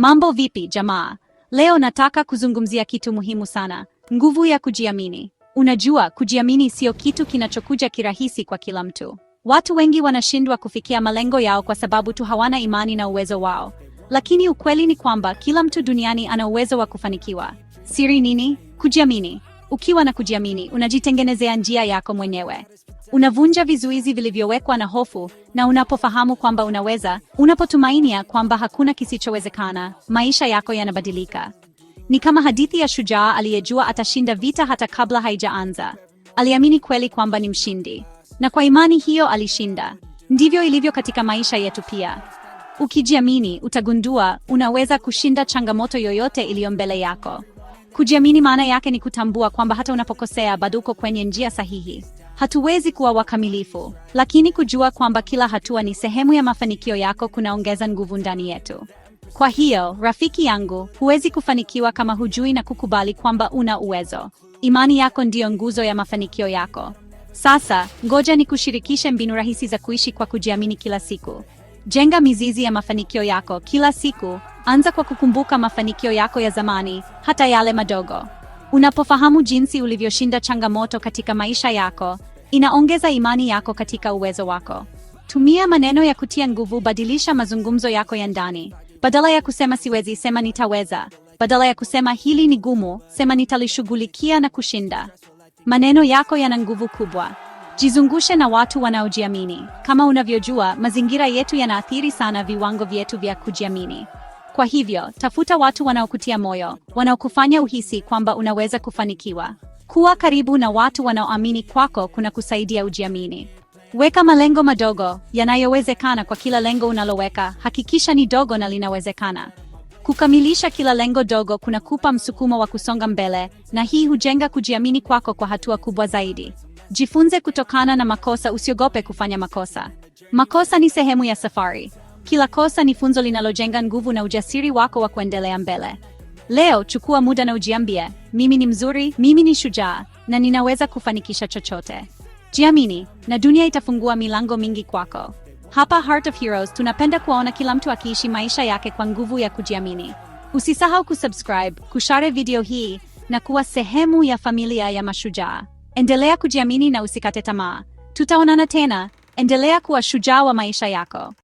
Mambo vipi jamaa? Leo nataka kuzungumzia kitu muhimu sana, nguvu ya kujiamini. Unajua, kujiamini sio kitu kinachokuja kirahisi kwa kila mtu. Watu wengi wanashindwa kufikia malengo yao kwa sababu tu hawana imani na uwezo wao, lakini ukweli ni kwamba kila mtu duniani ana uwezo wa kufanikiwa. Siri nini? Kujiamini. Ukiwa na kujiamini, unajitengenezea njia yako mwenyewe. Unavunja vizuizi vilivyowekwa na hofu, na unapofahamu kwamba unaweza, unapotumainia kwamba hakuna kisichowezekana, maisha yako yanabadilika. Ni kama hadithi ya shujaa aliyejua atashinda vita hata kabla haijaanza. Aliamini kweli kwamba ni mshindi, na kwa imani hiyo alishinda. Ndivyo ilivyo katika maisha yetu pia. Ukijiamini, utagundua unaweza kushinda changamoto yoyote iliyo mbele yako. Kujiamini maana yake ni kutambua kwamba hata unapokosea bado uko kwenye njia sahihi. Hatuwezi kuwa wakamilifu, lakini kujua kwamba kila hatua ni sehemu ya mafanikio yako kunaongeza nguvu ndani yetu. Kwa hiyo, rafiki yangu, huwezi kufanikiwa kama hujui na kukubali kwamba una uwezo. Imani yako ndiyo nguzo ya mafanikio yako. Sasa, ngoja ni kushirikishe mbinu rahisi za kuishi kwa kujiamini kila siku. Jenga mizizi ya mafanikio yako kila siku. Anza kwa kukumbuka mafanikio yako ya zamani, hata yale madogo. Unapofahamu jinsi ulivyoshinda changamoto katika maisha yako, Inaongeza imani yako katika uwezo wako. Tumia maneno ya kutia nguvu, badilisha mazungumzo yako ya ndani. Badala ya kusema siwezi, sema nitaweza. Badala ya kusema hili ni gumu, sema nitalishughulikia na kushinda. Maneno yako yana nguvu kubwa. Jizungushe na watu wanaojiamini. Kama unavyojua, mazingira yetu yanaathiri sana viwango vyetu vya kujiamini. Kwa hivyo, tafuta watu wanaokutia moyo, wanaokufanya uhisi kwamba unaweza kufanikiwa. Kuwa karibu na watu wanaoamini kwako kuna kusaidia ujiamini. Weka malengo madogo yanayowezekana kwa kila lengo unaloweka, hakikisha ni dogo na linawezekana. Kukamilisha kila lengo dogo kunakupa msukumo wa kusonga mbele, na hii hujenga kujiamini kwako kwa hatua kubwa zaidi. Jifunze kutokana na makosa, usiogope kufanya makosa. Makosa ni sehemu ya safari. Kila kosa ni funzo linalojenga nguvu na ujasiri wako wa kuendelea mbele. Leo chukua muda na ujiambie, mimi ni mzuri, mimi ni shujaa na ninaweza kufanikisha chochote. Jiamini na dunia itafungua milango mingi kwako. Hapa Heart of Heroes tunapenda kuwaona kila mtu akiishi maisha yake kwa nguvu ya kujiamini. Usisahau kusubscribe, kushare video hii na kuwa sehemu ya familia ya mashujaa. Endelea kujiamini na usikate tamaa. Tutaonana tena. Endelea kuwa shujaa wa maisha yako.